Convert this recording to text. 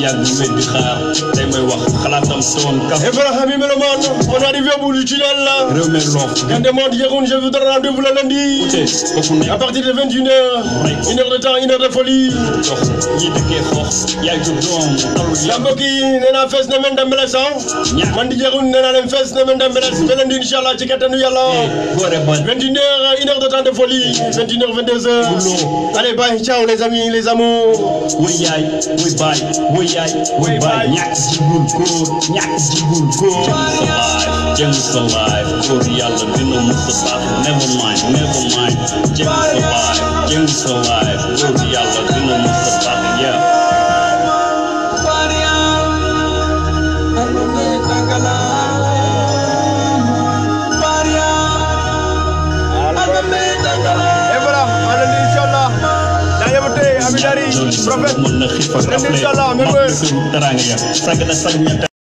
yàgg wet di xaar tey may wax xalaatam son kaf Ibrahim Méloman on arrive au bout du tunnel là Rewmi Love la demande Yehoun je vous donne de vous le lundi à partir de 21h une heure de temps une heure de folie ñi dikkee xoox yay ju doom la mbokk yi nee naa fees na men dem beles hein. ah man di Yehoun nee naa leen fees na men dem beles ba lundi incha allah ci 21h une heure de temps de folie 21h 22h allez bye ciao les amis les amours oui yaay oui bye We buy Nyaks Gulkur, Nyaks Gulkur. Alive, Jim's alive. Koryala Bino Mustafa. Never mind, never mind. Jim's alive, Jim's alive. Koryala prophète.